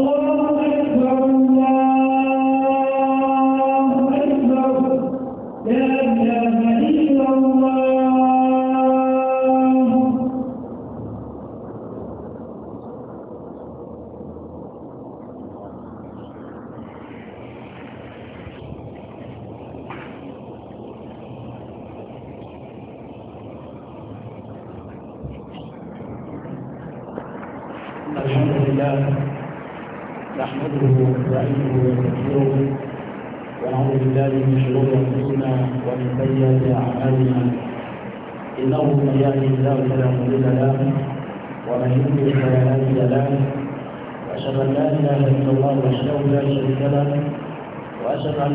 Yeah.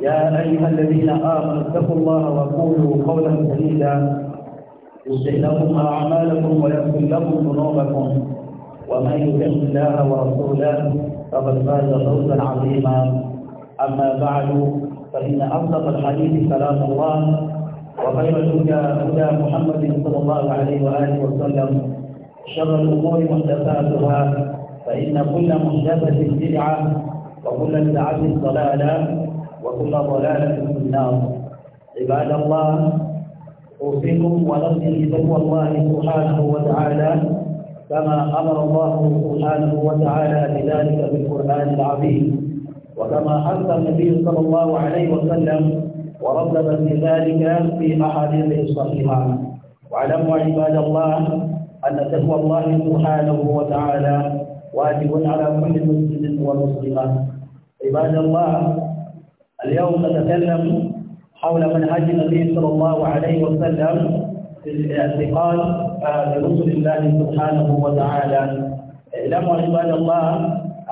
يا أيها الذين آمنوا اتقوا الله وقولوا قولا سديدا يصلح لكم أعمالكم ويغفر لكم ذنوبكم ومن يطع الله ورسوله فقد فاز فوزا عظيما أما بعد فإن أصدق الحديث كلام الله وخير الهدى هدى محمد صلى الله عليه وآله وسلم شر الأمور محدثاتها فإن كل محدثة بدعة وكل بدعة ضلالة وكل ضلالة في النار عباد الله أوصيكم ونفسي بتقوى الله سبحانه وتعالى كما أمر الله سبحانه وتعالى بذلك في القرآن العظيم وكما حث النبي صلى الله عليه وسلم ورتب في ذلك في أحاديثه الصحيحة واعلموا عباد الله أن تقوى الله سبحانه وتعالى واجب على كل مسلم ومسلمة عباد الله اليوم نتكلم حول منهج النبي صلى الله عليه وسلم في الاعتقاد آه، برسل الله سبحانه وتعالى اعلموا عباد الله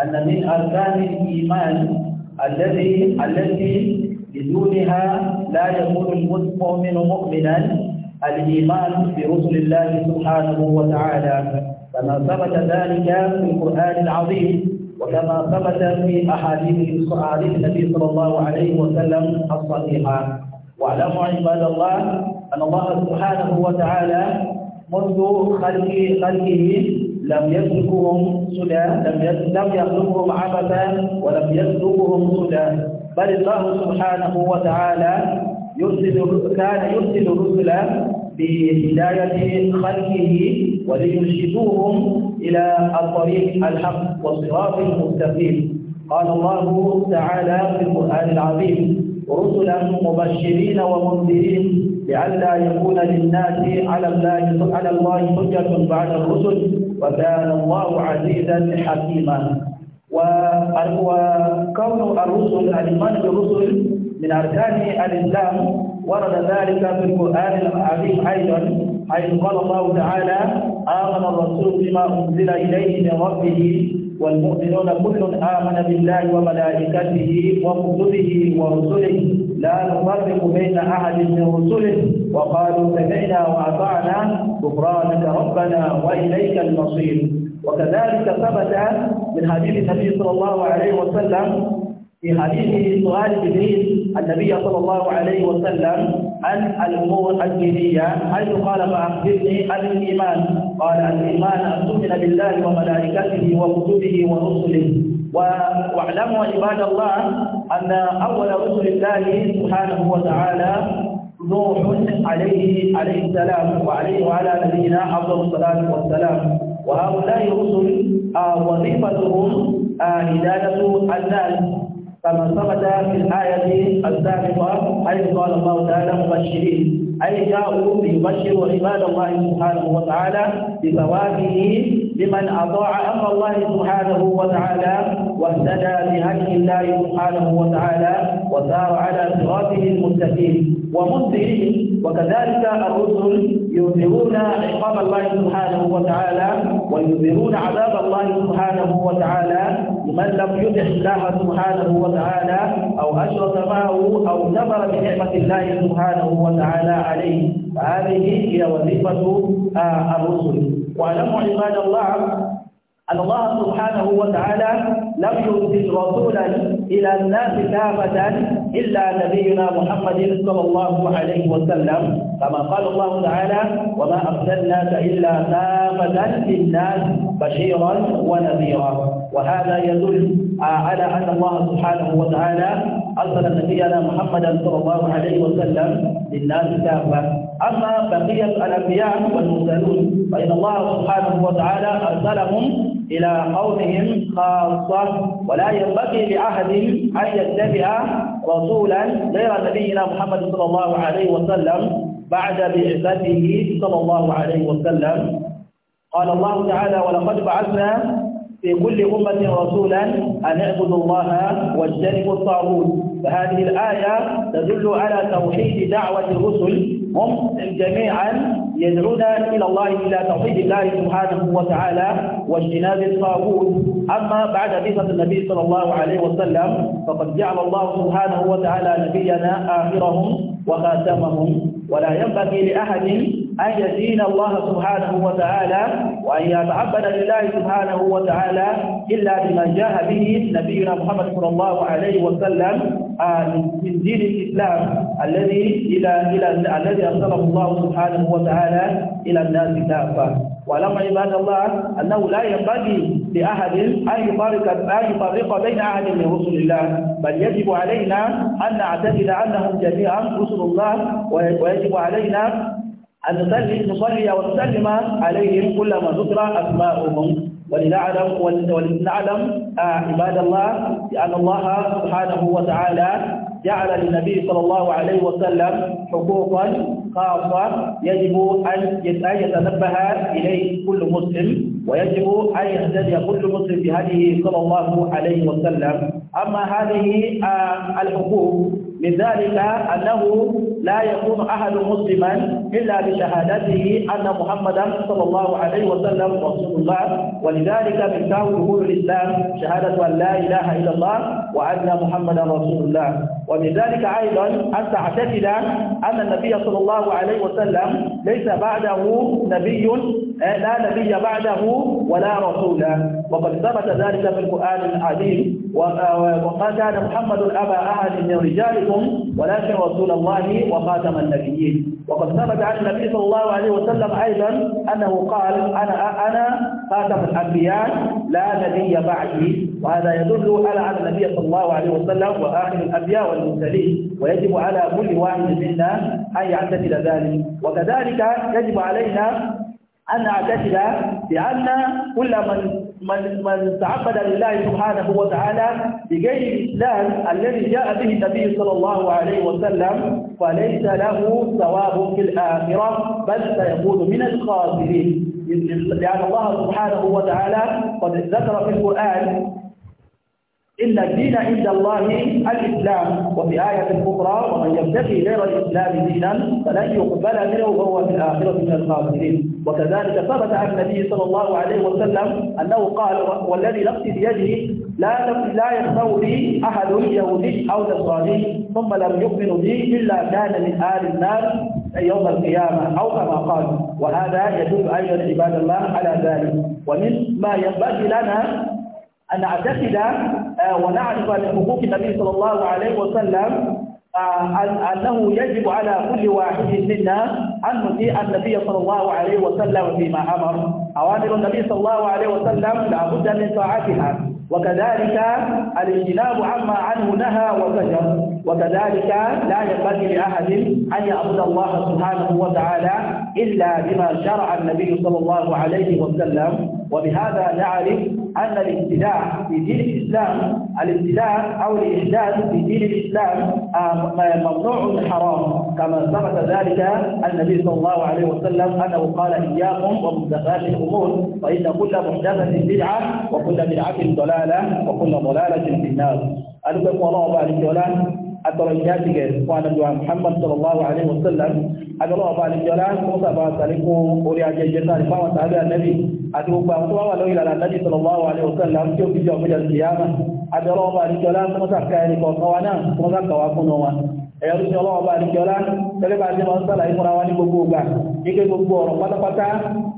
أن من أركان الإيمان الذي التي بدونها لا يكون المؤمن مؤمنا الإيمان برسل الله سبحانه وتعالى كما ثبت ذلك في القرآن العظيم وكما ثبت في أحاديث أحاديث النبي صلى الله عليه وسلم الصحيحة واعلموا عباد الله أن الله سبحانه وتعالى منذ خلق خلقه لم يسلكهم سدى لم يخلقهم عبثا ولم يسلكهم سدى بل الله سبحانه وتعالى يرسل كان يرسل رسلا بهداية خلقه وليرشدوهم إلى الطريق الحق والصراط المستقيم قال الله تعالى في القرآن العظيم رسلا مبشرين ومنذرين لئلا يكون للناس على الله على الله حجة بعد الرسل وكان الله عزيزا حكيما وكون الرسل الإيمان بالرسل من أركان الإسلام ورد ذلك في القرآن العظيم أيضا حيث قال الله تعالى آمن الرسول بما أنزل إليه من ربه والمؤمنون كل آمن بالله وملائكته وكتبه ورسله لا نفرق بين أحد من رسله وقالوا سمعنا وأطعنا غفرانك ربنا وإليك المصير وكذلك ثبت من حديث النبي صلى الله عليه وسلم في حديث سؤال جبريل النبي صلى الله عليه وسلم عن الأمور الدينية حيث قال فأخبرني عن الإيمان قال الإيمان أن تؤمن بالله وملائكته وكتبه ورسله واعلموا عباد الله أن أول رسل الله سبحانه وتعالى نوح عليه عليه السلام وعليه وعلى نبينا أفضل الصلاة والسلام وهؤلاء الرسل آه، وظيفتهم آه، هداية الناس كما ثبت في الآية السابقة حيث قال الله تعالى مبشرين أي جاءوا ليبشروا عباد الله سبحانه وتعالى بثوابه لمن أطاع أمر الله سبحانه وتعالى واهتدى بهدي الله سبحانه وتعالى وسار على صراطه المستقيم ومسلم وكذلك الرسل يظهرون عقاب الله سبحانه وتعالى ويظهرون عذاب الله سبحانه وتعالى لمن لم يطع الله سبحانه وتعالى او اشرك معه او كفر بنعمه الله سبحانه وتعالى عليه فهذه هي وظيفه آه، الرسل واعلموا عباد الله أن الله سبحانه وتعالى لم يرسل رسولا إلى الناس كافة إلا نبينا محمد صلى الله عليه وسلم كما قال الله تعالى وما أرسلناك إلا كافة للناس بشيرا ونذيرا وهذا يدل على أن الله سبحانه وتعالى أرسل نبينا محمدا صلى الله عليه وسلم للناس كافة أما بقية الأنبياء والمرسلون فإن الله سبحانه وتعالى أرسلهم إلى قومهم خاصة ولا ينبغي لأحد أن يتبع رسولا غير نبينا محمد صلى الله عليه وسلم بعد بعثته صلى الله عليه وسلم قال الله تعالى ولقد بعثنا في كل أمة رسولا أن اعبدوا الله واجتنبوا الطاغوت فهذه الآية تدل على توحيد دعوة الرسل هم جميعا يدعون إلى الله إلى توحيد الله سبحانه وتعالى واجتناب الطاغوت أما بعد بعثة النبي صلى الله عليه وسلم فقد جعل الله سبحانه وتعالى نبينا آخرهم وخاتمهم ولا ينبغي لأحد أن يدين الله سبحانه وتعالى وأن يتعبد لله سبحانه وتعالى إلا بما جاء به نبينا محمد صلى الله عليه وسلم آه، من دين الإسلام الذي إلى إلى الذي أرسله الله سبحانه وتعالى إلى الناس كافة ولما عباد الله أنه لا ينبغي لأحد أن يفرق أن يفرق بين أحد من رسل الله بل يجب علينا أن نعتقد أنهم جميعا رسل الله ويجب علينا أن نصلي ونسلم عليهم كلما ذكر أسماؤهم ولنعلم ولنعلم آه، عباد الله أن الله سبحانه وتعالى جعل للنبي صلى الله عليه وسلم حقوقا خاصة يجب أن يتنبه إليه كل مسلم ويجب أن يهتدي كل مسلم بهذه صلى الله عليه وسلم أما هذه آه، الحقوق من ذلك أنه لا يكون أحد مسلما إلا بشهادته أن محمدا صلى الله عليه وسلم رسول الله ولذلك من ظهور الإسلام شهادة أن لا إله إلا الله وأن محمدا رسول الله ومن ذلك أيضا أن تعتقد أن النبي صلى الله عليه وسلم ليس بعده نبي آه، لا نبي بعده ولا رسول وقد ثبت ذلك في القرآن العظيم وما آه، كان محمد أبا أحد من رجالكم ولكن رسول الله وخاتم النبيين وقد ثبت عن النبي صلى الله عليه وسلم أيضا أنه قال أنا أنا خاتم الأنبياء لا نبي بعدي وهذا يدل على أن النبي صلى الله عليه وسلم وآخر الأنبياء والمرسلين ويجب على كل واحد منا أن يعتقد ذلك وكذلك يجب علينا أن أعتقد بأن كل من من من تعبد لله سبحانه وتعالى بغير الإسلام الذي جاء به النبي صلى الله عليه وسلم فليس له ثواب في الآخرة بل سيكون من الخاسرين لأن الله سبحانه وتعالى قد ذكر في القرآن إن الدين عند الله الإسلام وفي آية أخرى ومن يبتغي غير الإسلام دينا فلن يقبل منه وهو في الآخرة من الخاسرين وكذلك ثبت عن النبي صلى الله عليه وسلم أنه قال والذي نفسي بيده لا لا يخلو لي أحد يهودي أو نصراني ثم لم يؤمن بي إلا كان من آل النار يوم القيامة أو كما قال وهذا يدل أيضا عباد الله على ذلك ومن ما ينبغي لنا أن نعتقد آه، ونعرف من حقوق النبي صلى الله عليه وسلم آه، أنه يجب على كل واحد منا أن نطيع النبي صلى الله عليه وسلم فيما أمر أوامر النبي صلى الله عليه وسلم لا بد من طاعتها وكذلك الاجتناب عما عنه نهى وزجر وكذلك لا ينبغي لأحد أن يعبد الله سبحانه وتعالى إلا بما شرع النبي صلى الله عليه وسلم وبهذا نعرف أن الابتداع في دين الإسلام الابتداع أو الإحداث في دين الإسلام آه، ممنوع حرام كما ثبت ذلك النبي صلى الله عليه وسلم أنه قال إياكم ومحدثات الأمور فإن كل محدثة بدعة وكل بدعة ضلالة وكل ضلالة في النار أدعوكم الله بارك ولا atọ̀rọ̀jáde gẹ̀ fún الله muhammad sallallahu alaihi wasallam agbọ́lọ́wọ́ الله alìjọ́lá tó sàbà sàríkún ان ajẹjẹta ìfáwọn sàárẹ́ النبي àti gbogbo àwọn tó wà lórí ìlànà lẹ́yìn sallallahu alaihi wasallam tí ó fi jọ ọ̀gbẹ́jọ sí yáma àti ọlọ́ọ̀bà àdìjọlá tó mọ́ta ká ẹni kọ̀ọ̀kan wa náà tó mọ́ta kàwá fún wọn ẹ̀yọ́ tó ti ọlọ́ọ̀bà àdìjọlá tẹ́lẹ̀ bá ti mọ́ sálàyé fúnra wa ní gbogbo ìgbà ike gbogbo ọ̀rọ̀ pátápátá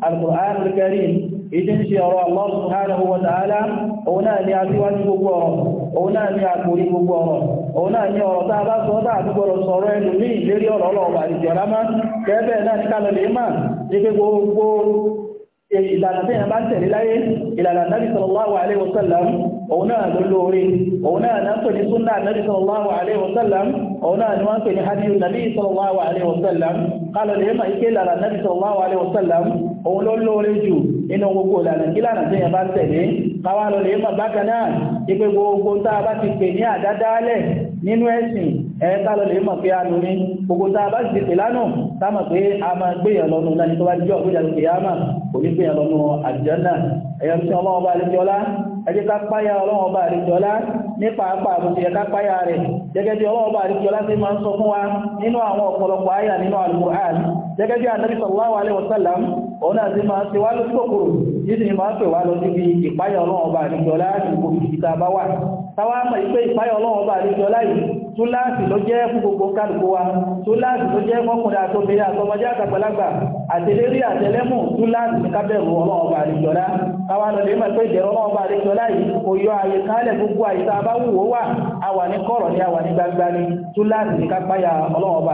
al-Qur'an al-Karim ìlànà tí yẹn bá ń tẹ̀lé láyé ìlànà nábì sallallahu alaihi wasallam òun náà ló lóore òun náà náà pè ní súnà nábì sallallahu alaihi wasallam òun náà ni wọ́n pè ní hadiyu nàbí sallallahu alaihi wasallam kálọ̀ lè máa ike ìlànà nábì sallallahu alaihi wasallam òun ló lóore jù nínú gbogbo ìlànà káwá lọ lè mọ̀ bákan náà ipé gbogbo tá a bá ti pè ní àdádálẹ̀ nínú ẹ̀sìn ẹ̀ẹ́ta lọ lè mọ̀ pé a lórí gbogbo tá a bá ti pè lánà támọ̀ pé a máa gbéyàn lọ́nu náà nítorí wájú ọ̀gbẹ́jà lókè yá mà kò ní gbéyàn lọ́nu àjẹ́nà ẹ̀yàn tí ọmọ ọba àlejọ́lá ẹjẹ́ ká páyà ọlọ́run ọba àlejọ́lá nípa apá àbùsí ẹ̀ká páyà rẹ̀ gẹ́gẹ́ bí ọlọ́run ọba àlejọ́lá ti máa ń sọ fún wa nínú àwọn ọ̀pọ̀lọpọ̀ àyà nínú Al-Qur'an gẹ́gẹ́ bí Ànábì sallallahu alaihi wasallam òun náà ti máa ń ṣe wá lọ ọlọ́wọ́n ọba àdìjọlá ìgbò ìdíta bá wà táwa mọ̀ pé ìpáyọ̀ ọlọ́wọ́n ọba àdìjọlá yìí túláàsì ló jẹ́ fún gbogbo kálukú wa túláàsì ló jẹ́ fọ́kùnrin àtòbìnrin àtọmọdé àtàgbàlagbà àtẹlérí àtẹlẹ́mù túláàsì ní kábẹ̀rù ọlọ́wọ́n ọba àdìjọlá táwa lọ lè mọ̀ pé ìdẹ̀rọ ọlọ́wọ́n ọba àdìjọlá yìí kò yọ àyè kálẹ̀ gbogbo àyíká bá wù ó wà àwà ní kọ̀rọ̀ ní àwà ní gbangba ní túláàsì ní kápáyà ọlọ́wọ́n ọba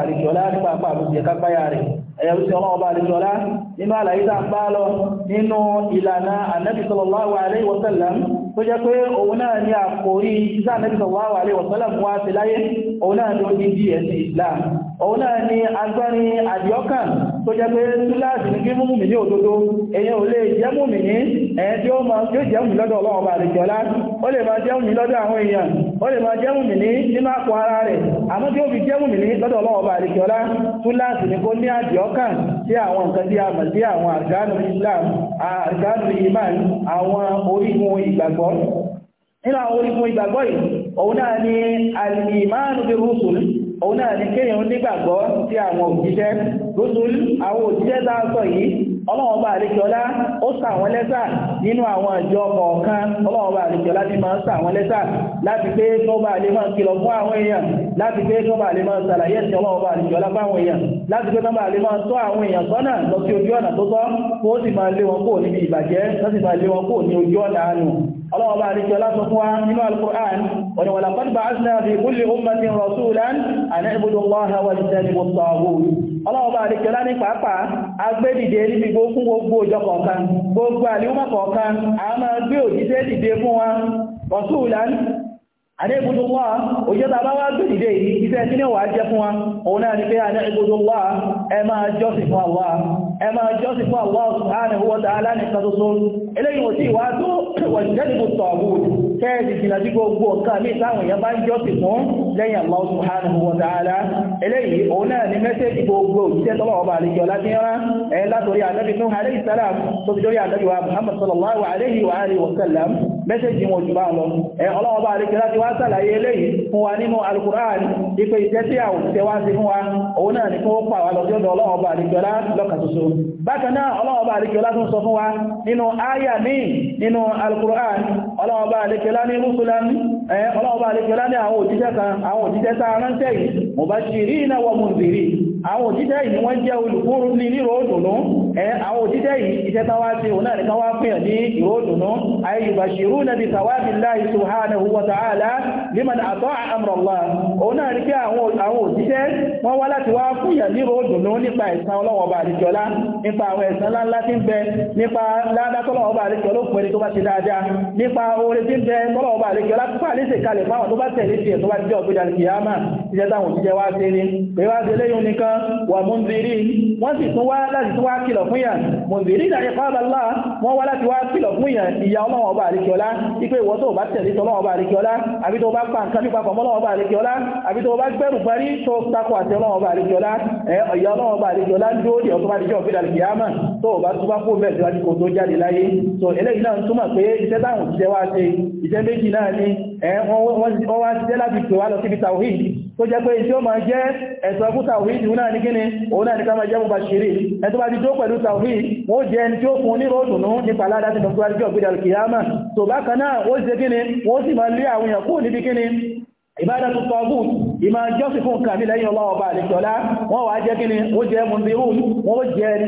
nípa àpá àbújẹ kápáyà rẹ̀ ẹ̀yà òṣìṣẹ́ ọlọ́wọ́ bá lè jọlá nínú àlàyé tá ń bá lọ nínú ìlànà ànábì sallallahu alaihi wa sallam tó jẹ́ pé òun náà ní àkòrí ìsá ànábì sallallahu wá sí láyé òun náà ní ó di ẹ̀sìn Islam òun náà ni agbẹ́rin àdíọ́kàn tó jẹ́ pé túláàsì ní kí múmùmí ní òdodo èyàn ò lè ní ẹ̀yẹn tí ó ma tí ó jẹ́ lọ́dọ̀ ọlọ́ọ̀bà àdìjọ́lá ó lè máa jẹ́ lọ́dọ̀ àwọn èèyàn ó lè ní nínú ara rẹ̀ àmọ́ tí ó fi nínú àwọn orígun ìgbàgbọ́ yìí òun náà ni òun náà ni kéèyàn nígbàgbọ́ tí àwọn òjíṣẹ́ rúdúl àwọn òjíṣẹ́ láàtọ̀ yìí ọlọ́wọ́n bá àríkíọlá ó ṣà wọ́n lẹ́ṣà nínú àwọn ìjọ kọ̀ọ̀kan ọlọ́wọ́n bá àríkíọlá ní máa ń ṣà wọ́n lẹ́ṣà láti pé kó bá lè máa kìlọ̀ fún àwọn èèyàn láti pé kó bá lè máa ṣàlàyé ẹ̀sìn ọlọ́wọ́n bá àríkíọlá fáwọn èèyàn láti pé kó bá lè máa tọ́ àwọn èèyàn sọ́nà lọ sí ojú ọ̀nà tó tọ́ kó sì máa lé wọn kúrò níbi ìbàjẹ́ kó sì máa lé wọn kúrò ní ojú ọ̀nà àánú الله بارك لا تقوى من القرآن ولقد بعثنا في كل أمة رسولا أن اعبدوا الله واجتنبوا الطاغوت الله بارك لا نفعفع agbẹ́dì dé níbi gbogbo gbogbo ọjọ́ kọ̀ọ̀kan gbogbo àlúmọ̀ kọ̀ọ̀kan a máa gbé òjíṣẹ́ dìde fún wa rọ̀súùlán àdébùdó wá òjẹ́ta bá wá gbé dìde yìí iṣẹ́ tí ní wà jẹ́ fún wa òun náà ni pé àdébùdó wá ẹ máa jọ́sìn fún wa ẹ máa jọ́sìn fún Allah subhanahu wa ta'ala nìkan ṣoṣo eléyìn òsì wá tó wọ̀nyẹ́dìbò tọ̀ọ̀bù kẹ́ẹ̀sì jìnà sí gbogbo ọ̀kan ní ìsáwọn èèyàn bá ń jọ́sìn fún lẹ́yìn Allah subhanahu wa ta'ala eléyìí òun náà ni mẹ́sẹ̀jì gbogbo òjíṣẹ́ tọ́lọ̀ọba àlejò látíńrán ẹ Muhammad sallallahu alayhi wa alihi wa sallam mẹ́sẹ̀jì wọn jù bá lọ ẹ ọlọ́ọba àlejò láti wá sàlàyé eléyìí fún wa nínú alukur'an ipe ìtẹ́sí àwọn òṣìṣẹ́ wá sí fún bákanáà ọlọ́ọ̀bá àríkẹ́lá tún sọ fún wa nínú ayà ní nínú al-Qur'an ọlọ́ọ̀bá àríkẹ́lá ní rúsùlán ọlọ́ọ̀bá àríkẹ́lá ní àwọn òjíṣẹ́ kan àwọn òjíṣẹ́ sáà ránṣẹ́ yìí na àwọn òjíṣẹ́ yìí wọ́n jẹ́ olùkúrú ní ríro òdùnú ẹ àwọn òjíṣẹ́ yìí iṣẹ́ tánwá tí òun náà nìkan wá pín ní ìró òdùnú ayébàṣírú nàbí sàwábìláì subhanahu wa ta'ala liman àtọ́ àmrọ̀lá òun náà ní kí àwọn òjíṣẹ́ wọ́n wá láti wá fúnyà níro òdùnú nípa ẹ̀san ọlọ́wọ́ bá àríkọlá nípa àwọn ẹ̀san ńláńlá tí ń bẹ nípa ládátọ́lọ́wọ́ bá àríkọlá ó pẹ̀lú tó bá ti dáadáa nípa oore tí ń bẹ tọ́lọ́wọ́ bá àríkọlá púpà léṣe kalẹ̀ ni pé wà mọ́nzírí wọ́n sì tún wá láti tún wá kìlọ̀ fún yàn mọ́nzírí ìdàrí pàbàlá wọ́n wá láti wá kìlọ̀ fún yàn ìyà ọlọ́wọ́ bá àríkíọlá ipé ìwọ tó bá tẹ̀lé tọ́lọ́wọ́ bá àríkíọlá àbí tó bá pa nǹkan nípa pọ̀mọ́lọ́wọ́ bá àríkíọlá àbí tó bá gbẹ̀rù parí tó takọ̀ àti ọlọ́wọ́ bá àríkíọlá ìyà ọlọ́wọ́ bá àríkíọlá ń dóòdì ọ̀tọ́ bá dìjọ́ òfin àríkíyàmà tó bá tún bá kó bẹ́ẹ̀ síwájú kò tó jáde láyé so eléyìí náà túmọ̀ pé iṣẹ́ táwọn òṣìṣẹ́ wá ṣe iṣẹ́ méjì náà ni wọ́n wá ṣiṣẹ́ láti pè wá lọ síbi tàwíì tó jẹ́ pé tí ó máa jẹ́ ẹ̀sọ̀ fún tàwíìdì náà ní gíní òun náà ní ká máa jẹ́ mọ̀bà ṣìírí ẹ̀tọ́ bá ti tó pẹ̀lú tàwíìdì wọ́n jẹ́ ẹni tí ó fún ní ròdùnú nípa aládàtí lọ́gbàájọ́ gbídàlù kìyàmà tó bákan náà ó jẹ́ gíní wọ́n sì máa lé àwọn èèyàn kúrò níbi gíní ìbádàtú tọ́gùn ìmá jọ́sì fún nǹkan mi lẹ́yìn ọlọ́wọ́ bá lè tọ́lá wọ́n wá jẹ́ kí ni ó jẹ́ mùndírù wọ́n jẹ́ ẹni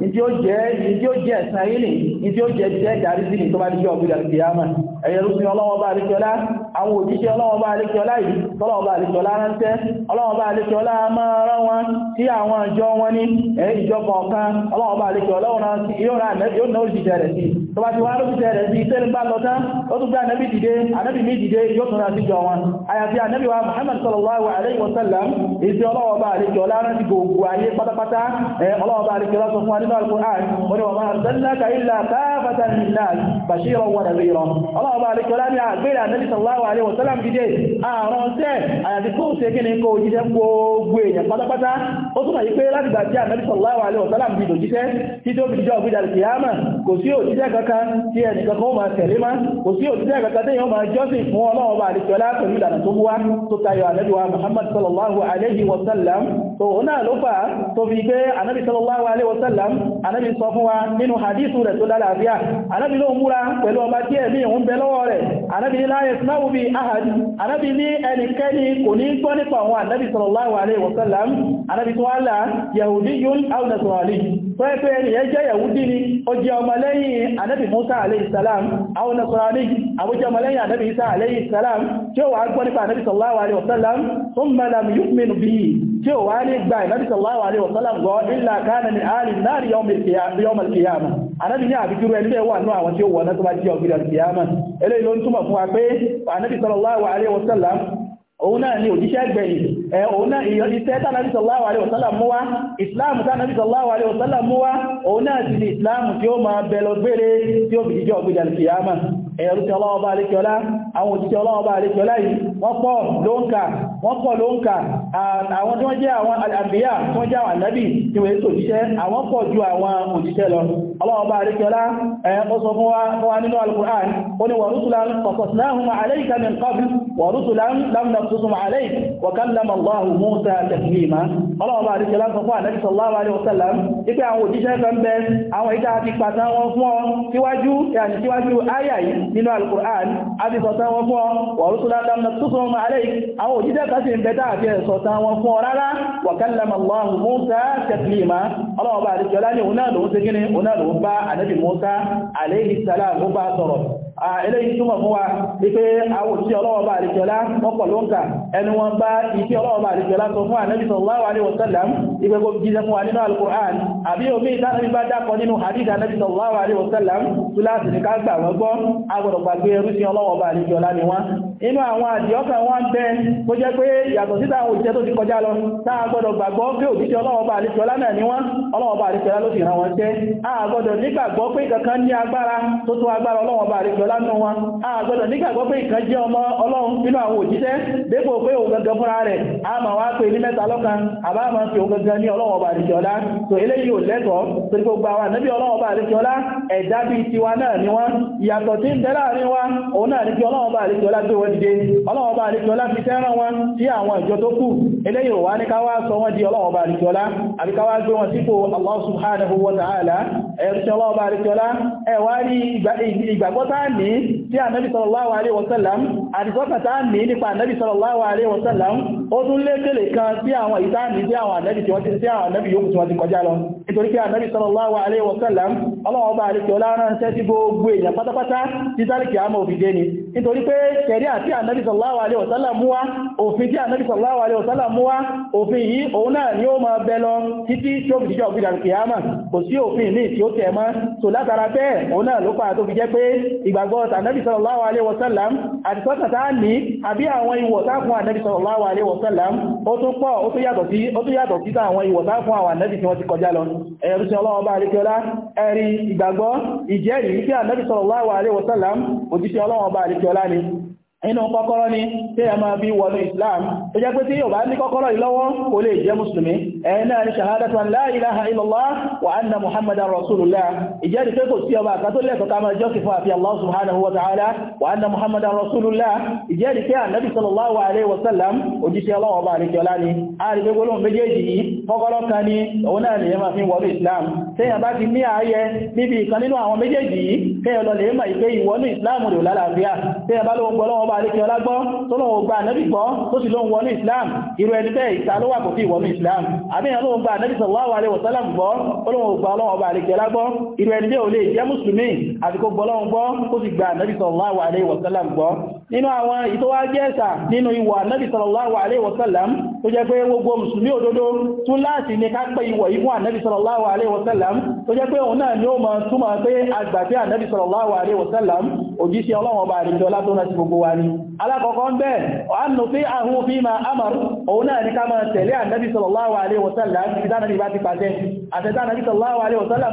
ní tí ó jẹ́ ní tí ó jẹ́ jẹ́ ìdarí sí ní tó bá díjọ́ ọ̀gbìdà ti yá máa ẹ̀yẹ rúfin ọlọ́wọ́ bá alékiọlá àwọn òjíṣẹ́ ọlọ́wọ́ bá alékiọlá yìí tọ́lọ́wọ́ bá alékiọlá ránṣẹ́ ọlọ́wọ́ bá alékiọlá máa rán wọn sí àwọn ìjọ wọn ní ìjọ kọ̀ọ̀kan ọlọ́wọ́ bá alékiọlá yóò náà òjíṣẹ́ rẹ̀ sí tó bá ti wá lójíṣẹ́ rẹ̀ sí tẹ́lẹ̀ bá lọ tán ó tún gbé ànábì dìde ànábì mi dìde yóò tún ra síjọ wọn àyàfi ànábì wa Muhammad sallallahu alayhi wa sallam èsì ọlọ́wọ́ bá alékiọlá rántí gbogbo ayé pátápátá ọlọ́wọ́ bá alékiọlá sọ fún wa nínú كافة للناس بشيرا ونذيرا الله بارك ولا ني اغبر النبي صلى الله عليه وسلم دي ارون سي ايا دي كو سي كيني كو جي دم غوغو ايان pátápátá ó tún báyìí pé láti gbà tí ànábì sallallahu alaihi wasallam bí dòjíṣẹ́ tí tó fi jọ́ ìgbìdà kìyàmà kò sí òjíṣẹ́ kankan tí ẹnì kankan ó máa tẹ̀lé má kò sí òjíṣẹ́ kankan tí èèyàn máa jọ́sìn fún ọlọ́run bá àdìsọ́ látọ̀lú ìlànà tó wá tó tayọ ànábì wa muhammad sallallahu alaihi wasallam tó ó náà ló fà tó fi pé sallallahu alaihi wasallam ànábì sọ fún wa nínú hadithu rẹ̀ lálàáfíà anábì ló ń múra pẹ̀lú ọba tí ẹ̀mí òun bẹ lọ́wọ́ rẹ̀ anábì ní láyé sinamu bíi ahad anábì ní ẹnikẹ́ni kò ní gbọ́ nípa àwọn anábì sallallahu alaihi wasallam anábì tó wá là yahudi yun aw pẹ́pẹ́ ẹniyẹ jẹ́ yẹ̀wúdí ni ó jẹ́ ọmọlẹ́yìn anábì Musa aleyhisalam àwọn nasarani àwójẹ́ ọmọlẹ́yìn anábì Isa aleyhisalam tí ó wà gbọ́ nípa anábì sallallahu alaihi wasallam thumma lam yu'min bihi tí ó sallallahu alaihi wasallam òun náà ni òjíṣẹ́ gbẹ̀yìn òun náà ìyọ́ iṣẹ́ tánàbí sallallahu alaihi wasallam mú wá ìsìláàmù tánàbí sallallahu alaihi wasallam mú wá òun náà ti ni ìsìláàmù tí ó máa bẹ̀lọ gbére tí ó fi jíjọ́ ọgbẹ̀dà kìyàmà ẹ̀rù tí ọlọ́ọba alékiọlá àwọn òjíṣẹ́ ọlọ́ọba alékiọlá yìí tí wọ́n tó jíṣẹ́ àwọn pọ̀ ju àwọn òjíṣẹ́ lọ ọlọ́ọ̀bá àríkẹ́lá ẹ̀ẹ́kọ́sọ fún wa nínú al-Qur'an ó ní wa rusulan qasasnahum alayka min qabl wa rusulan lam naqsusum sọ fún wa nínú al-Qur'an a ti sọ̀tà wọn fún ọ wa rusulan lam taslima ọlọ́wọ́ bá àríkẹ́ ọlá ní òun náà lòun ṣe gíní òun náà lòun bá ànábì Mùsá alayhi salam bá sọ̀rọ̀ eléyìí túnmọ̀ fún wa wípé àwọn òṣìṣẹ́ ọlọ́wọ́ bá àríkẹ́lá ọkọ̀ ló ń kà ẹni wọn bá ìṣẹ́ ọlọ́wọ́ àríkẹ́lá sọ fún ànẹ́bí sallallahu alaihi wasallam ìgbé kó jíjẹ fún wa nínú al-Qur'an àbí omi ìtànàbí bá dákọ nínú alaihi wasallam tó láti ní ká gbà wọ́n gbọ́ agbọ̀dọ̀ pàgbé ẹrúsìn ọlọ́wọ́ bá àríkẹ́lá ni wọ́n inú àwọn àdìọ́kà wọn bẹ kó jẹ́ pé yàtọ̀ síta àwọn òṣìṣẹ́ tó ti kọjá lọ táà gbọ́dọ̀ gbàgbọ́ pé òṣìṣẹ́ ọlọ́wọ́ bá àríkẹ́lá náà ni wọ́n ọlọ́wọ́ bá àríkẹ́lá ló fi ràn wọ́n jẹ́ àgbọ́dọ̀ nígbàgbọ́ pé kankan ní agbára tó tó agbára ọlọ́wọ́ bá ọlá nù wọn a gbọ́dọ̀ nígbàgbọ́ pé ìkan jẹ́ ọmọ ọlọ́run nínú àwọn òjíṣẹ́ dépò pé òun gangan fúnra rẹ̀ a máa wá pé ní mẹ́ta lọ́kan àbá máa fi òun gangan ní ọlọ́run ọba àdìsí ọlá tó eléyìí ò lẹ́tọ̀ọ́ torí gbogbo àwọn ànábì ọlọ́run ọba àdìsí ọlá ẹ̀dá bíi tiwa náà ni wọ́n ìyàtọ̀ tí ń bẹ láàrin wa òun náà ní kí ọlọ́run ọba àdìsí ọlá gbé wọn dìde ọlọ́run ọba àdìsí ọlá fi fẹ́ràn wọn sí àwọn ìjọ tó kù eléyìí ò Gracias. tí ànábì sallallahu alaihi wasallam àdìsọ́kàtà ní nípa ànábì sallallahu alaihi wasallam ó tún lékèlè kan sí àwọn ìta ní sí àwọn ànábì tí wọ́n ti sí àwọn ànábì yòókù tí wọ́n ti kọjá lọ nítorí pé ànábì sallallahu alaihi wasallam ọlọ́wọ́ bá àríkẹ́ ọlọ́run ṣẹ́ sí gbogbo èèyàn pátápátá tí tálíkì àmọ́ òfìdé ni nítorí pé kẹ̀rí àti ànábì sallallahu alaihi wasallam mú wá òfin tí ànábì sallallahu alaihi wasallam mú wá òfin yìí òun náà ni ó máa bẹ lọ títí tí ànábì sallallahu alaihi wasallam àti sọ́kàn tá ní àbí àwọn ìwọ̀ tá fún ànábì sallallahu alaihi wasallam ó tún pọ̀ ó tún yàtọ̀ sí ó tún yàtọ̀ sí àwọn ìwọ̀ tá fún àwọn ànábì tí wọ́n ti kọjá lọ ẹ̀rù sí ọlọ́wọ́ bá àríkẹ́lá ẹ̀rí ìgbàgbọ́ ìjẹ́rìí tí ànábì sallallahu alaihi wasallam òjíṣẹ́ ọlọ́wọ́ bá àríkẹ́lá ni inú kọ́kọ́rọ́ ní tí ẹ máa bí wọlé islam tó jẹ́ pé tí yóò bá ní kọ́kọ́rọ́ ìlọ́wọ́ kò lè jẹ́ musulmi ẹ̀yìn náà ni ṣàhádàtà la ilaha illallah wa anna muhammadan rasulullah ìjẹ́rìí pé kò sí ọba àkàtó lẹ́tọ̀ọ́ ká máa jọ́sìn fún àfi allah subhanahu wa ta'ala wa anna muhammadan rasulullah ìjẹ́rìí pé ànábì sallallahu alaihi wasallam kẹ́yọ lọ lè mọ̀ ìpé ìwọ́nú ìsìláàmù rẹ̀ lálàáfíà tí ẹ bá lóun gbọ́ lọ́wọ́ bá lékẹ́ ọlágbọ́ tó lóun gba ànábì gbọ́ tó sì lóun wọnú ìsìláàmù irú ẹni bẹ́ẹ̀ ìta ló wà kò sí ìwọ́nú ìsìláàmù àbíyàn lóun gba ànábì sallallahu alaihi wasallam gbọ́ ó lóun gba ọlọ́wọ́ bá lékẹ́ ọlágbọ́ irú ẹni bẹ́ẹ̀ ò lè jẹ́ mùsùlùmí àti kó gbọ́ lọ́wọ́ gbọ́ ó sì gba ànábì sallallahu alaihi wasallam gbọ́ nínú àwọn ìtọ́wà jẹ́ẹ̀sà nínú ìwà Ànábì sallallahu alaihi wasallam tó jẹ́ pé gbogbo mùsùlùmí òdodo tún láti ní ká pé ìwọ̀ ìfún Ànábì sallallahu alaihi wasallam tó jẹ́ pé òun náà ni ó mọ̀ túnmọ̀ pé àgbàtí Ànábì sallallahu alaihi wasallam òjíṣẹ́ ọlọ́run ọba àríjọ látọ́nà sí gbogbo wa ni alákọ̀ọ́kọ́ ń bẹ́ ọ̀hánù tí àhún fi ma amar òun náà ní ká máa tẹ̀lé ànábì sallallahu alaihi wasallam ìdánàbí bá ti pàṣẹ àtẹ́ta ànábì sallallahu alaihi wasallam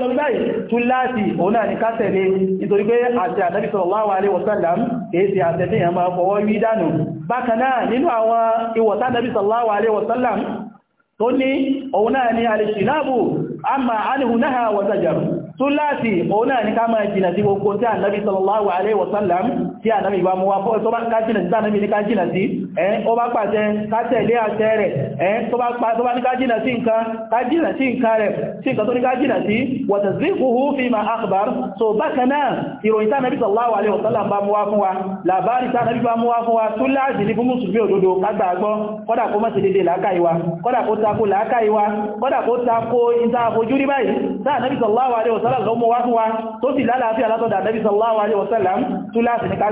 lọ báyìí tún láti òun náà ni ká tẹ̀lé nítorí pé àti ànábì sallallahu alaihi wasallam kìí ṣe àtẹ̀tẹ̀yàn máa fọwọ́ rí dànù bákanáà nínú àwọn ìwọ̀ta ànábì sallallahu alaihi wasallam tó ní òun náà ni alìṣìnáàbù amma anhu naha wa zajar tún láti tí ànábì bá mú wa fọ́ tó bá kájìnà sí ànábì ní kájìnà sí ẹ́ ó bá pàṣẹ kátẹ̀lé àṣẹ rẹ̀ ẹ́ tó bá ní kájìnà sí nǹkan kájìnà sí nǹkan rẹ̀ sí nǹkan tó ní kájìnà sí wọ̀tẹ̀ sí fúhú fi ma akbar so bákan náà ìròyìn tánàbí sallallahu alaihi wasallam bá mú wa fún wa làbárí tánàbí bá mú wa fún wa tún láàjì ní fún mùsùlùmí òdodo lágbà gbọ́ kọ́dà kó mọ́ sí dédé làákàíwa kọ́dà kó tako làákàíwa kọ́dà kó tako ìta àfojúrí báyìí tánàbí sallallahu alaihi wasallam lọ mú wa fún wa tó sì lálàáfíà látọ̀dà nàbí sallallahu alaihi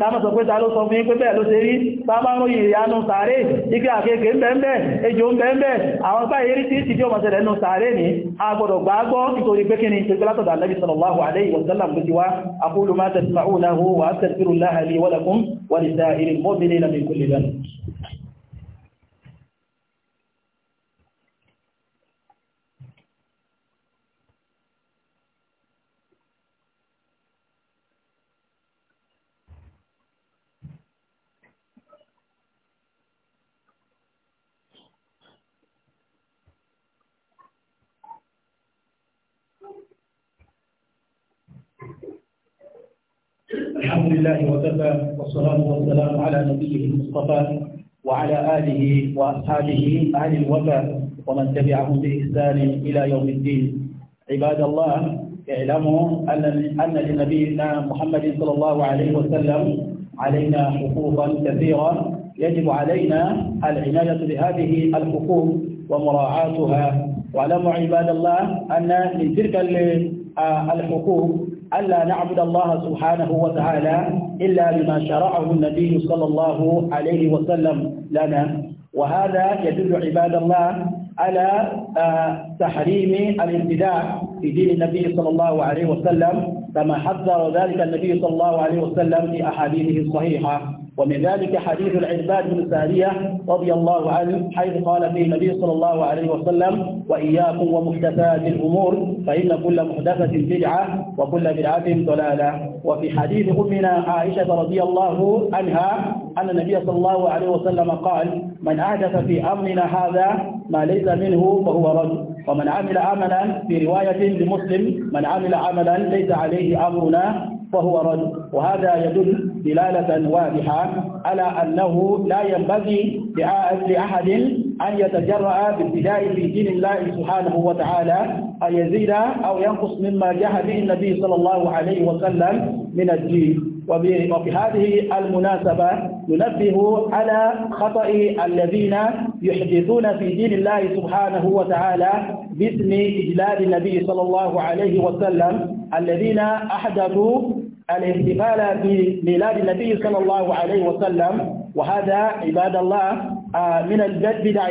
káàmà sọ pé ta ló sọ fún yín pé bẹ́ẹ̀ ló ṣe rí bàbá ròyìn ìyanu sàárè ike àkekè ń bẹ́ẹ̀ ejò ń bẹ́ẹ̀ àwọn bá ìrírí tí ìtìjọ́ mọ̀sẹ̀lẹ̀ nù sàárè ní agbọ̀dọ̀ gbàgbọ́ nítorí pé kíni ìtìjọ́ látọ̀dọ̀ الحمد لله وكفى والصلاة والسلام على نبيه المصطفى وعلى آله وأصحابه أهل الوفا ومن تبعهم بإحسان إلى يوم الدين عباد الله اعلموا أن أن لنبينا محمد صلى الله عليه وسلم علينا حقوقا كثيرة يجب علينا العناية بهذه الحقوق ومراعاتها واعلموا عباد الله أن من تلك آه، الحقوق ألا نعبد الله سبحانه وتعالى إلا بما شرعه النبي صلى الله عليه وسلم لنا وهذا يدل عباد الله على آه، تحريم الابتداع في دين النبي صلى الله عليه وسلم كما حذر ذلك النبي صلى الله عليه وسلم في أحاديثه الصحيحة ومن ذلك حديث العباد بن سارية رضي الله عنه حيث قال فيه النبي صلى الله عليه وسلم وإياكم ومحدثات الأمور فإن كل محدثة بدعة وكل بدعة ضلالة وفي حديث أمنا عائشة رضي الله عنها أن النبي صلى الله عليه وسلم قال من أحدث في أمرنا هذا ما ليس منه فهو رد ومن عمل عملا في رواية لمسلم من عمل عملا ليس عليه أمرنا فهو رد وهذا يدل دلالة واضحة على أنه لا ينبغي لأحد أن يتجرأ بابتداء في دين الله سبحانه وتعالى أن يزيد أو ينقص مما جاء به النبي صلى الله عليه وسلم من الدين وفي هذه المناسبة ننبه على خطأ الذين يحدثون في دين الله سبحانه وتعالى باسم إجلال النبي صلى الله عليه وسلم الذين أحدثوا الاحتفال بميلاد النبي صلى الله عليه وسلم وهذا عباد الله آه، من البدع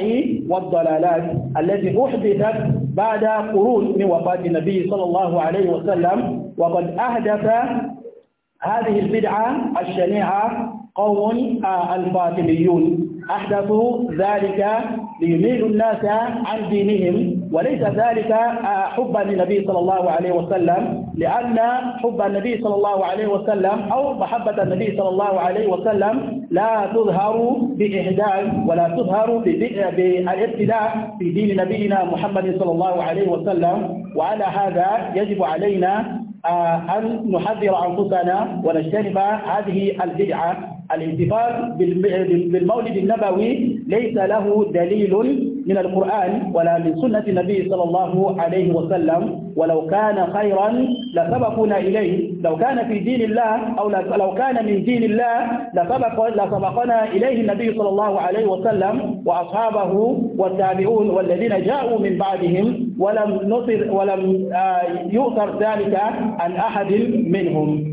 والضلالات التي أحدثت بعد قرون من وفاة النبي صلى الله عليه وسلم وقد أحدث هذه البدعة الشنيعة قوم آه، الفاطميون أحدثوا ذلك ليميلوا الناس عن دينهم وليس ذلك آه، حبا للنبي صلى الله عليه وسلم لأن حب النبي صلى الله عليه وسلم أو محبة النبي صلى الله عليه وسلم لا تظهر بإهدال ولا تظهر بالابتداء في دين نبينا محمد صلى الله عليه وسلم وعلى هذا يجب علينا آه، أن نحذر أنفسنا ونجتنب هذه البدعة الاحتفال بالمولد النبوي ليس له دليل من القرآن ولا من سنة النبي صلى الله عليه وسلم ولو كان خيرا لسبقنا إليه لو كان في دين الله أو لو كان من دين الله لسبق لسبقنا إليه النبي صلى الله عليه وسلم وأصحابه والتابعون والذين جاءوا من بعدهم ولم نصر ولم آه، يؤثر ذلك عن أحد منهم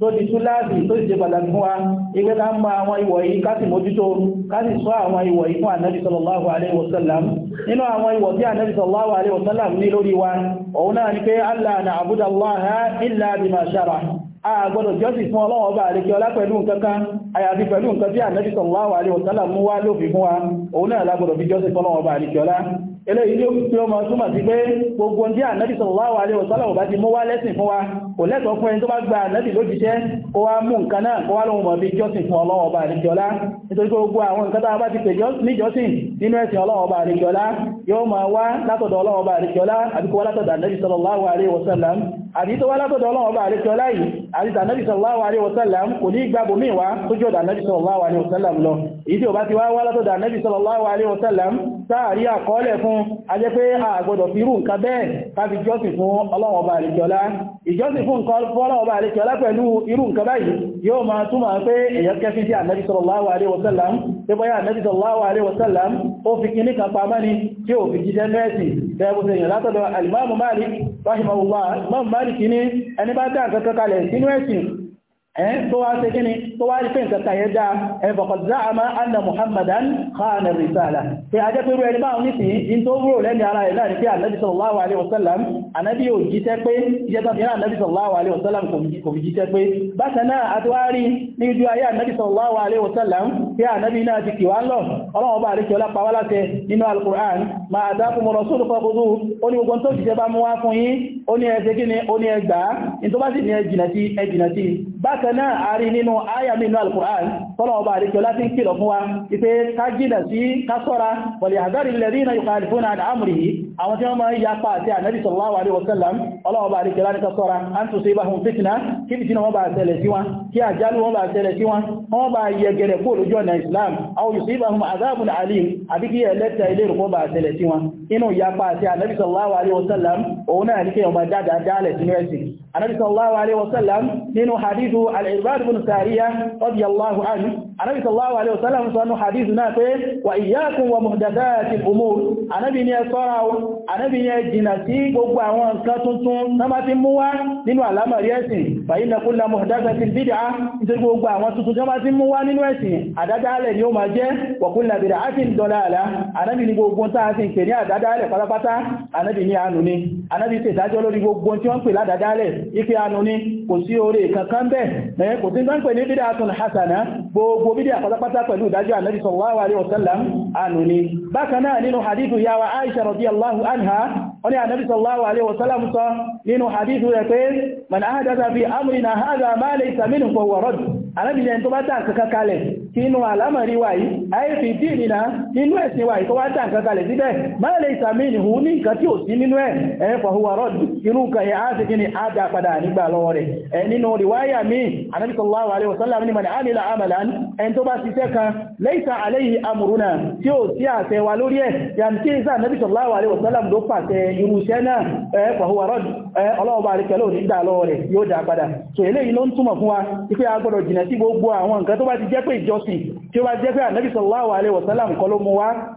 tó ti tún láàbì tó ti ṣe pàtàkì fún wa ẹgbẹ́ ká ń bá àwọn ìwọ̀ yìí ká sì mójútó ká sì sọ àwọn ìwọ̀ yìí fún ànábì sallallahu alaihi wasallam nínú àwọn ìwọ̀ tí ànábì sallallahu ní lórí wa òun náà ni pé allah na abudallaha illa bima shara àgbọ́dọ̀ jọ́sìn fún ọlọ́wọ́ bá àríkẹ́ ọlá pẹ̀lú nǹkankan àyàfi pẹ̀lú nǹkan tí Ànábì sallallahu alaihi wasallam mú wá lófin fún wa òun náà lágbọ́dọ̀ bí jọ́sìn fún ọlọ́wọ́ bá àríkẹ́ ọlá eléyìí ló tí ó máa túmọ̀ sí pé gbogbo tí Ànábì sallallahu alaihi wasallam ti mú wá lẹ́sìn fún wa kò lẹ́tọ̀ọ́ fún ẹni tó bá gba Ànábì lójíṣẹ́ kó wá mú nǹkan náà kó wá lóhun mọ̀ bí jọ́sìn fún ọlọ́wọ́ bá àríkẹ́ ọlá nítorí gbogbo àwọn nǹkan tá a bá ti pè níjọ́sìn nínú ẹ̀sìn ọlọ́wọ́ bá àríkẹ́ ọlá yóò máa wá látọ̀dọ̀ ọlọ́wọ́ bá àríkẹ́ ọlá àbíkó wá látọ̀dọ̀ Ànábì sallallahu alaihi wasallam àbí tó wá látọ̀dọ̀ ọlọ́wọ́ bá àríkẹ́ ọlá yìí àdìsà nàbì sallallahu alaihi wasallam kò ní gbàgbọ́ míì wá tó jọ dà nàbì sallallahu alaihi wasallam lọ èyí tí ó bá ti wá wá látọ̀ dà nàbì sallallahu alaihi wasallam sáàrí àkọọ́lẹ̀ fún ajẹ́ pé àgbọ̀dọ̀ fi irú nǹkan bẹ́ẹ̀ káfi jọ́sìn fún ọlọ́wọ̀n ọba àlejọ́lá ìjọ́sìn fún ọlọ́wọ̀n ọba àlejọ́lá pẹ̀lú irú nǹkan báyìí yóò máa túmọ̀ pé èyàn kẹfí sí ànàbì sallallahu alaihi wasallam tí bọ́yá ànàbì sallallahu alaihi wasallam ó fi nínú ẹ̀sìn ẹ̀yìn eh, tó wá ṣe gíní tó wá rí pé nǹkan kan yẹn dáa ẹ̀fọ̀kọ̀ záàmà anna muhammadan khana risala pé a jẹ́ pé rẹ̀ báwọn ní sí in tó wúrò lẹ́ni ara rẹ̀ láàrin pé annabi sallallahu alaihi wasallam annabi yóò jíṣẹ́ pé iṣẹ́ tó fìyàn annabi sallallahu alaihi wasallam kò fi jíṣẹ́ pé bákan náà a ti wá rí ní ojú ayé annabi sallallahu alaihi wasallam pé annabi náà ti kìwá lọ ọlọ́run bá àríkẹ́ ọlápá bákan náà a rí nínú àyà mínú al-Qur'an tọ́lọ̀wọ́ bá àríkẹ́ láti ń kìlọ̀ fún wa ipé ká jìnà sí kásọ́ra wal yahdhari alladhina yukhalifuna an amrihi àwọn tí wọ́n máa ya pa àti ànábì sallallahu alaihi wasallam ọlọ́wọ́ bá àríkẹ́ láti kásọ́ra an tusibahum fitna kí fi sínú wọ́n bá ṣẹlẹ̀ sí wọn kí àjálù wọ́n bá ṣẹlẹ̀ sí wọn wọ́n bá yẹ gẹ̀rẹ̀ kó lójú ọ̀nà Islam aw yusibahum adhabun alim àbí kí ẹlẹ́tẹ̀ ilé ìrùkọ́ bá ṣẹlẹ̀ sí wọn inú ìyapa àti ànábì sallallahu alaihi wasallam òun náà ní kí ọmọ dáadáa dálẹ̀ sínú ẹ̀sìn النبي صلى الله عليه وسلم من حديث العباد بن سارية رضي الله عنه النبي صلى الله عليه وسلم صنع حديث نافع وإياكم ومحدثات الأمور النبي يصرع النبي يجنسي قبع وانسكتون نما تموا ننو على مريسين فإن كل محدثة بدعة يتركوا قبع وانسكتون نما تموا ننو أسين أداد على اليوم جاء وكل بدعة دلالة النبي نقول قنطة أسين كنيا أداد على فلقتا النبي نيانوني النبي سيداجولو نقول قنطة أسين كنيا أداد على ike anu ni kò sí orí kankan bẹ́ẹ̀ eh, kò sí gbọ́n pè ní bídá tún hasana gbogbo bídá pátápátá pẹ̀lú ìdájọ́ ànábì sallallahu alaihi wasallam anu ni bákan náà nínú hadithu yawa aisha radiyallahu anha wani ànábì sallallahu alaihi sọ nínú hadithu rẹ̀ pé man ahdatha fi amrina hadha ma laysa minhu fa huwa tó bá ta kankan kalẹ̀ inú àlámọ̀rí wa yìí àìfì dì nìna inú ẹ̀sìn wa yìí tó wá dá nǹkan kalẹ̀ síbẹ̀ máa lè ìsàmì ìhù ní nǹkan tí ò sí nínú ẹ̀ ẹ̀fọ̀ huwa rọ́dù inú nǹkan yẹ áti ni a dá padà nígbà lọ́wọ́ rẹ̀ ẹ̀ nínú riwaya mi Ànábì ni man amila amalan ẹni tó bá ṣiṣẹ́ kan amruna tí ó sí àṣẹ wa lórí ẹ̀ yàmkí ìsá Ànábì sallallahu alaihi wasallam ló pàṣẹ irú iṣẹ́ náà ẹ̀fọ̀ huwa rọ́dù ọlọ́ọ̀bá rí pẹ̀lú nígbà lọ́wọ́ rẹ̀ yóò dá padà so eléyìí ló ń òsì tí ó bá jẹ́ pé ànábì sallallahu alaihi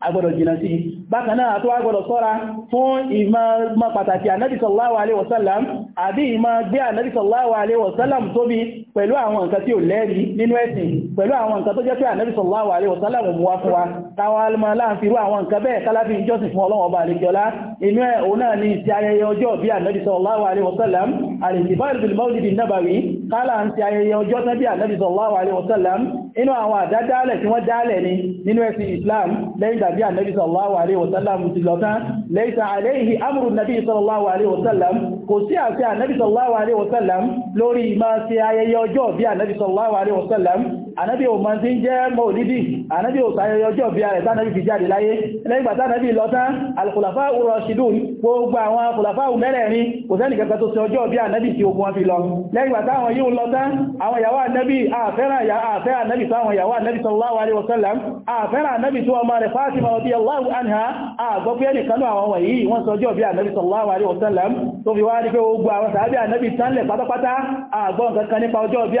agbọ́dọ̀ jìnà sí bákan náà tó agbọ́dọ̀ sọ́ra fún ìmọ̀ pàtàkì ànábì sallallahu alaihi wasallam àbí ìmọ̀ gbé ànábì sallallahu alaihi wasallam tóbi pẹ̀lú àwọn nǹkan tí ò lẹ́rí nínú ẹ̀sìn pẹ̀lú àwọn nǹkan tó jẹ́ pé ànábì sallallahu alaihi wasallam mú wá fún wa káwọn alìmọ̀ láàfirú àwọn nǹkan bẹ́ẹ̀ kálábí ìjọsìn fún ọlọ́wọ́ ọba àlejọ́lá inú ẹ̀ òun náà ni ti ayẹyẹ ọjọ́ bí ànábì sallallahu alaihi wasallam al-ihtifal bil mawlid an-nabawi kálà ń ti ayẹyẹ ọjọ́ tán bí ànábì sallallahu alaihi wasallam inú àwọn àdádálẹ̀ tí wọ́n dálẹ̀ tàbí ànábì sallallahu alaihi wasallam ti lọ tán laysa alaihi amru nàbí sallallahu alaihi wasallam kò sí àti ànábì sallallahu alaihi wasallam lórí máa ṣe ayẹyẹ ọjọ́ bí ànábì sallallahu alaihi wasallam ànábì ò máa ti ń jẹ́ mọ̀lídì ànábì ò sàyẹyẹ ọjọ́ bí ààrẹ tánàbì fi jáde láyé lẹ́yìn tánàbì lọ́tán alùkùlàfà òrọ̀ ṣìdù gbogbo àwọn alùkùlàfà mẹ́rẹ̀ẹ̀rin kò sẹ́nì kẹta tó ṣe ọjọ́ bí ànábì tí ogun fi lọ lẹ́yìn táwọn yíò lọ́tán àwọn alaihi wasallam àfẹ́ràn ànábì tí wọ́n máa rẹ̀ anha àgbọ́pẹ́ nìkan náà àwọn wọ̀nyí wọ́n sọ ọjọ́ alaihi wasallam tó fi wá rí pé ogun àwọn sàábì ànábì tánlẹ̀ pátápátá àgbọ́n kankan nípa ọjọ́ bí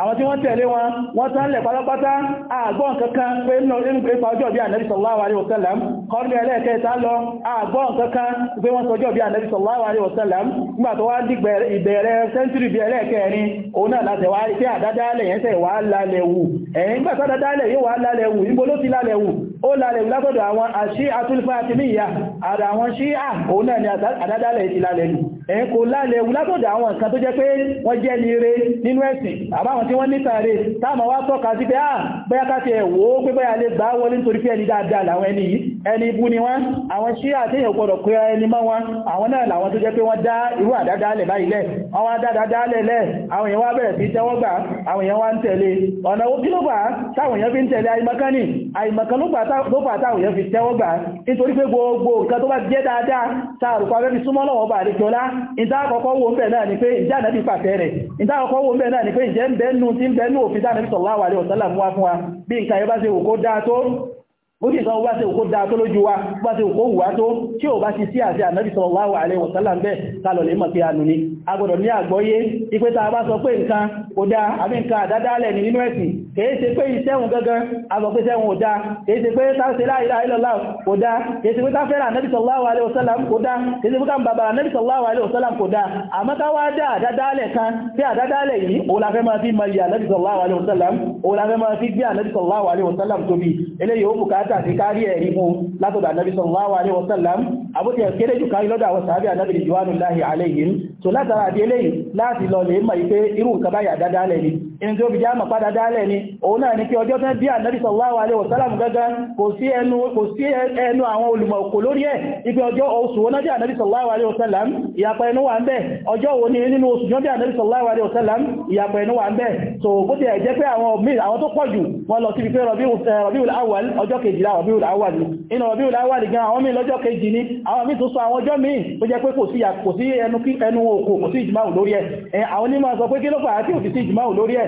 àwọn tí wọ́n tẹ̀lé wọn wọ́n tán lẹ̀ pátápátá àgbọ́n kankan pé nínú pé pàájọ́ bí ànẹ́bí sallallahu alaihi wasallam kọ́nà ẹlẹ́ẹ̀kẹta lọ àgbọ́n kankan pé wọ́n sọjọ́ bí ànẹ́bí sallallahu nígbà tó wá dìgbẹ̀ ìbẹ̀rẹ̀ sẹ́ńtúrì bí ẹlẹ́ẹ̀kẹrin òun náà ó lálẹ̀ látọ̀dọ̀ àwọn àṣí àtúlùfà àti níyà àrà àwọn ṣíà òun náà ni àdádálẹ̀ ìtì lálẹ̀ nù ẹ̀yìn kò lálẹ̀ ewu látọ̀dọ̀ àwọn nǹkan tó jẹ́ pé wọ́n jẹ́ ní eré nínú ẹ̀sìn àbáwọn tí wọ́n nítàrí táàmà wá tọ́ka sí pé ah, à bẹ́yà ẹni ibú ni wọ́n àwọn ṣí àtẹ́yẹ̀ gbọ́dọ̀ pé ẹni mọ́ wọn àwọn náà làwọn tó jẹ́ pé wọ́n dá irú àdádálẹ̀ báyìí lẹ̀ wọ́n wá dádádálẹ̀ lẹ̀ àwọn èèyàn wá bẹ̀rẹ̀ sí tẹ́wọ́gbà àwọn èèyàn wá ń tẹ̀lé ọ̀nà kí ló fà táwọn èèyàn fi ń tẹ̀lé àìmọ̀kan ni àìmọ̀kan ló fà táwọn èèyàn fi tẹ́wọ́gbà nítorí pé gbogbo nǹkan tó bá jẹ́ dáadáa sáàrùkọ abẹ́ fi súnmọ́ lọ́wọ́ bá àdéjọlá ìdá àkọ́kọ́ wo ń bẹ̀ náà ni pé ìjà náà ti pàtẹ́ rẹ̀ ìdá àkọ́kọ́ wo ń bẹ̀ náà ni pé ìjẹ́ ń bẹ́nu tí ń bẹ́nu òfin dáa Nabi sallallahu alaihi wasallam wá fún wa bí nǹkan yẹn bá ṣe wò kó dáa bó ti sọ wá sí òkú dáa tó lójú wa bá sí òkú wà tó tí ó bá ti sí àti ànábì sallallahu alaihi wasallam bẹ́ẹ̀ kálọ̀ lè mọ̀ pé a nù ní agbọ̀dọ̀ ní àgbọ́yé ipé ta bá sọ pé nǹkan ó dá àbí nǹkan àdádálẹ̀ ní nínú ẹ̀sìn kìí ṣe pé iṣẹ́hun gangan agbọ̀pẹ́ sẹ́hun ò dá kìí ṣe pé táṣe la ilaha illallah kò dá kìí ṣe pé táfẹ́rẹ̀ ànábì sallallahu alaihi wasallam kò dá kìí ṣe pé káàmù bàbá ànábì sallallahu alaihi wasallam kò dá àmọ́ ká wá dá àdádálẹ̀ kan tí àdádálẹ̀ yìí òun la fẹ́ máa fi mọ iye ànábì sallallahu alaihi wasallam òun la fẹ́ máa fi gbé ànábì sallallahu alaihi wasallam tóbi eléyìí bùkátà sí kárí ẹ̀rí mú látọ̀dọ̀ ànábì sallallahu alaihi wasallam àbúkẹ́ kéré jù kárí lọ́dọ̀ àwọn sàábì ànábì ridwanullahi alaihim so látara àti eléyìí láti lọ lè mọ̀ pé irú nǹkan báyà dáadáa lẹ́ni inú tí ó fi já mọ̀ padà dálẹ̀ ni òun náà ni kí ọjọ́ tán bí ànábì sallallahu alaihi wasallam gẹ́gẹ́ kò sí ẹnu àwọn olùmọ̀ kò lórí ẹ̀ ibi ọjọ́ oṣù wọn bí ànábì sallallahu alaihi wasallam ìyapa ẹnu wà ń bẹ ọjọ́ wo ni nínú oṣù jọ bí ànábì sallallahu alaihi wasallam ìyapa ẹnu wà ń bẹ so bó ti ẹ̀ jẹ́ pé àwọn míì àwọn tó pọ̀ jù wọn lọ síbi pé eh, Rabiul Awwal ọjọ́ kejìlá Rabiul Awwal ni inú Rabiul Awwal gan àwọn míì lọ́jọ́ kejì ni àwọn míì tó sọ àwọn ọjọ́ míì tó jẹ́ pé kò eh, àwọn onímọ̀ sọ pé kí ló fà á tí ò sí ìjìmáwò lórí ẹ̀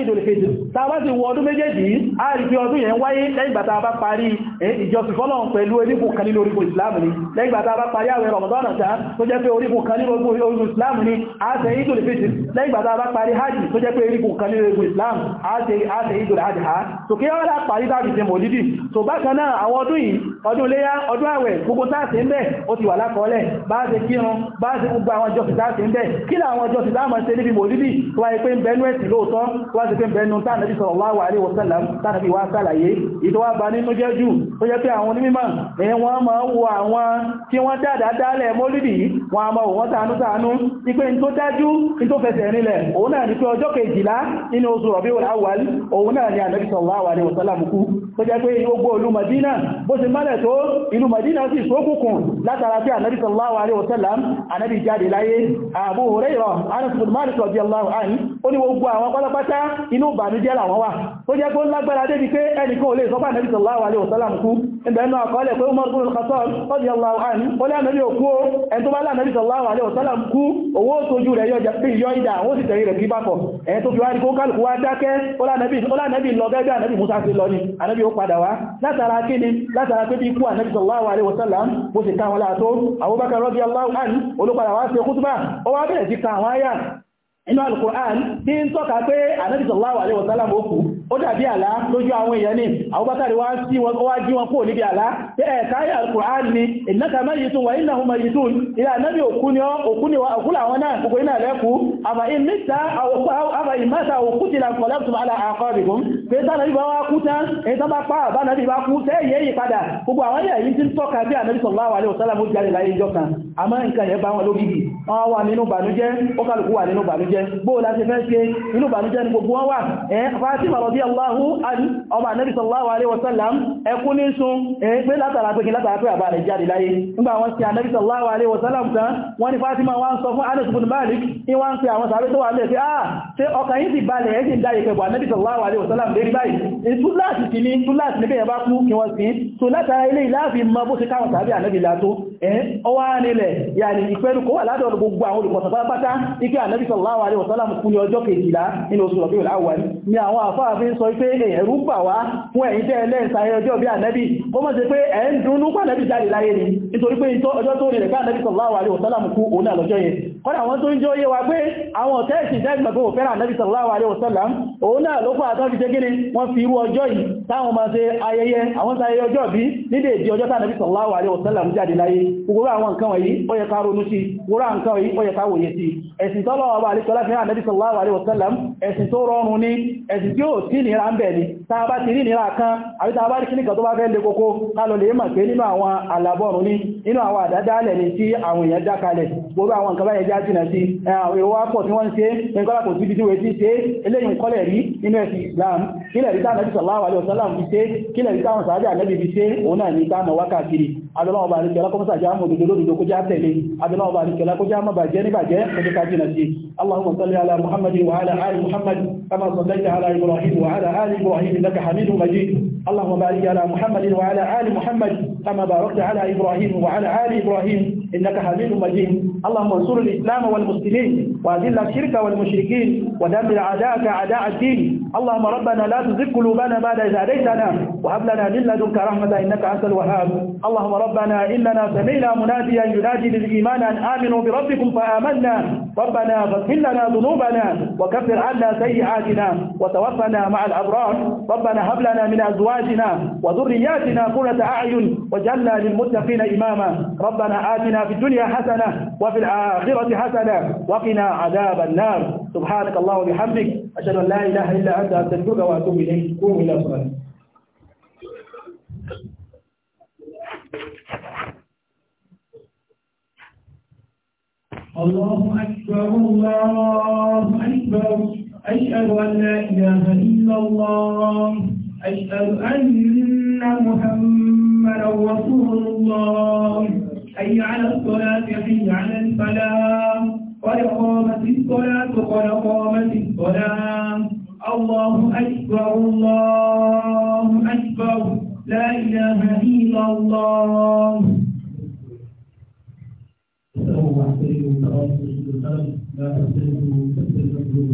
ìdòlè kejì ta bá ti wọ ọdún méjèèjì a rí pé ọdún yẹn wáyé lẹ́gbàtà bá parí eh, ìjọsìn fọ́lọ̀n pẹ̀lú orígun kan nínú orígun ìsìláàmù ni lẹ́gbàtà bá parí àwẹ̀ rọ̀mọ̀dọ́nà tá tó jẹ́ pé orígun kan nínú orígun ìsìláàmù ni a ṣe ìdòlè kejì lẹ́gbàtà bá parí hajj tó jẹ́ pé orígun kan nínú orígun ìsìláàmù a ṣe ìdòlè hajj ha tó kí wọ́n parí láti ṣe mọ̀lídì tó bákan náà àwọn ọdún yìí ọdún léyá ọdún àwẹ̀ gbogbo táàsì ń bẹ̀ ó ti wà lákọọ́lẹ̀ bá ṣe kírun bá ṣe gbogbo àwọn ìjọsìn táàsì ń bẹ̀ kí làwọn ìjọsìn táàmà ṣe níbi mọ̀lídì tó wáyé pé ń bẹnú ẹ̀sìn lóòótọ́ ti pé bẹnu tánàbí sallallahu alaihi wasallam tánàbí wá sàlàyé ìtọ́wà bá nínú jẹ́ jù tó jẹ́ pé àwọn onímọ̀ èyí wọ́n máa wo àwọn tí wọ́n dáadáa dálẹ̀ mólìdì wọn a máa wọ́n tánú tánú ní pé tó dájú tó fẹsẹ̀ rinlẹ̀ òun náà ni pé ọjọ́ kejìlá nínú oṣù Rabiul Awwal òun náà ni ànàbí sallallahu alaihi wasallam kú tó jẹ́ pé gbogbo ìlú Madina bó ti mọ́lẹ̀ tó ìlú Madina sì sókùnkùn látara pé ànàbí sallallahu alaihi wasallam ànàbí jáde láyé Abu Hurairah Anas bin Malik radiyallahu anhu ó ní gbogbo àwọn pátápátá inú ìbànújẹ́ làwọn wà tó jẹ́ pé ó lágbára débi pé ẹnìkan ò lè sọ́pàá nẹ́bí sallallahu alaihi wasallam kú ìbẹ̀ẹ́nà àkọọ́lẹ̀ pé Umar ibn al-Khattab radiyallahu anhu ó lẹ́nàbí òkú ẹni tó bá lẹ́nàbí sallallahu alaihi wasallam kú owó tójú rẹ̀ yọ ìdá àwọn òsì tẹ̀rí rẹ̀ bí bákọ̀ ẹni tó fi wá ní kó kálùkù wá dákẹ́ ó lẹ́nàbí lọ gẹ́gẹ́ ànàbí Musa sí lọ ni ànàbí ó padà wá látara kí ni látara pé bí ikú ànàbí sallallahu alaihi wasallam bó ṣe ká wọn inú Al-Qur'an tí ń tọ́ka pé Ànábì sallallahu alaihi wasallam ó dàbí àlá lójú àwọn èèyàn ní àwọ́bátàrí wá sí wọn kó wá jí wọn kó níbi àlá pé ẹ̀káyà alkùnrán ni ìnáka mayitun wà iná hùmà yìtún ilá náàbí òkú làwọn náà gbogbo iná lẹ́kú àbà ìmáta òkú ti la kọ̀lẹ́pùtù àlà àkọ́rìkún pé tánàbí bá wá kú tán èyí tán bá pàà bá nàbí bá kú tẹ́yẹ yìí padà gbogbo àwọn ilẹ̀ yìí ti ń tọ́ka bí ànàbí sallallahu alaihi wasallam jáde láyé ìjọ radiyallahu an ọba nabi sallallahu alaihi wasallam ẹkún ní sun ẹgbẹ́ látara pé kí látara pé àbá rẹ̀ jáde láyé nígbà wọn sí anabi sallallahu alaihi wasallam kan wọ́n ní Fatima wá ń sọ fún Anas ibn Malik ní wọ́n ń pe àwọn sàbẹ́ tó wà lẹ́ pé ah ṣe ọkàn yìí ti balẹ̀ ẹ́ sì ń dáyé pẹ̀bọ̀ anabi sallallahu alaihi wasallam lérí báyìí túláàsì ti ní túláàsì níbẹ̀ yẹn bá kú kí wọ́n sí tó látara ilé ìláàfin mọ bó ṣe káwọn sàbẹ́ anabi látó ọwá ni àwọn àfáàfin ń sọ pé ẹ̀rù bà wá fún ẹ̀yin tẹ́ ẹlẹ́ǹsà ẹjọ́ bí ànẹ́bì ó mọ́ sí pé ẹ̀ ń dúnú pàlẹ́bì jáde láyé ni nítorí pé ọjọ́ tó rí rẹ̀ ká ànẹ́bì sallallahu alaihi wasallam kú òun náà lọ́jọ́ yẹn kọ́nà àwọn ẹ̀sìn tó rọrùn ni ẹ̀sìn tí ó sí rí nira ń bẹ̀ ni tàà bá ti rí nira kan àbí tàà bá rí kíníkà tó bá fẹ́ lè kókó kálọ lè mọ̀ pé nínú àwọn àlàbọ̀rún ní nínú àwọn àdádálẹ̀ ni tí àwọn èèyàn dákalẹ̀ gbogbo àwọn nǹkan báyẹ̀ já jìnà sí àwọn èrò wápọ̀ tí wọ́n ń ṣe Islam kílẹ̀ rí táwọn ẹ̀sìn sọ̀láwà lọ́sọ́lá fi ṣe kílẹ̀ rí táwọn sàájà lẹ́bi fi ṣe òun náà abẹ́lẹ́ ọba àríkẹ́lá kọ́mọ́sá já mọ̀ òdòdó lódòdó kó já tẹ̀lé abẹ́lẹ́ ọba àríkẹ́lá kó já mọ̀ bàjẹ́ ní bàjẹ́ kọjú ká jìnà sí اللهم صل على محمد وعلى آل محمد كما صليت على إبراهيم وعلى آل إبراهيم إنك حميد مجيد اللهم بارك على محمد وعلى آل محمد كما باركت على إبراهيم وعلى آل إبراهيم إنك حميد مجيد اللهم انصر الإسلام والمسلمين وأذل الشرك والمشركين ودمر أعداءك أعداء الدين اللهم ربنا لا تزغ قلوبنا بعد إذ هديتنا وهب لنا من لدنك رحمة إنك أنت الوهاب اللهم ربنا إننا سمعنا مناديا ينادي للإيمان أن آمنوا بربكم فآمنا ربنا فاغفر لنا ذنوبنا وكفر عنا سيئاتنا وتوفنا مع الأبرار ربنا هب لنا من أزواجنا وذرياتنا قرة أعين واجعلنا للمتقين إماما ربنا آتنا في الدنيا حسنة وفي الآخرة حسنة وقنا عذاب النار سبحانك الله وبحمدك أشهد أن لا إله إلا أنت أستغفرك وأتوب إليك قوم إلى صلاتك الله أكبر الله أكبر أشهد أن لا إله إلا الله أشهد أن محمدا رسول الله حي على الصلاة حي على الفلاح قد قامت الصلاة قد قامت الصلاة الله أكبر الله أكبر لا إله إلا الله السلام عليكم ورحمة الله لا تستلموا تستلموا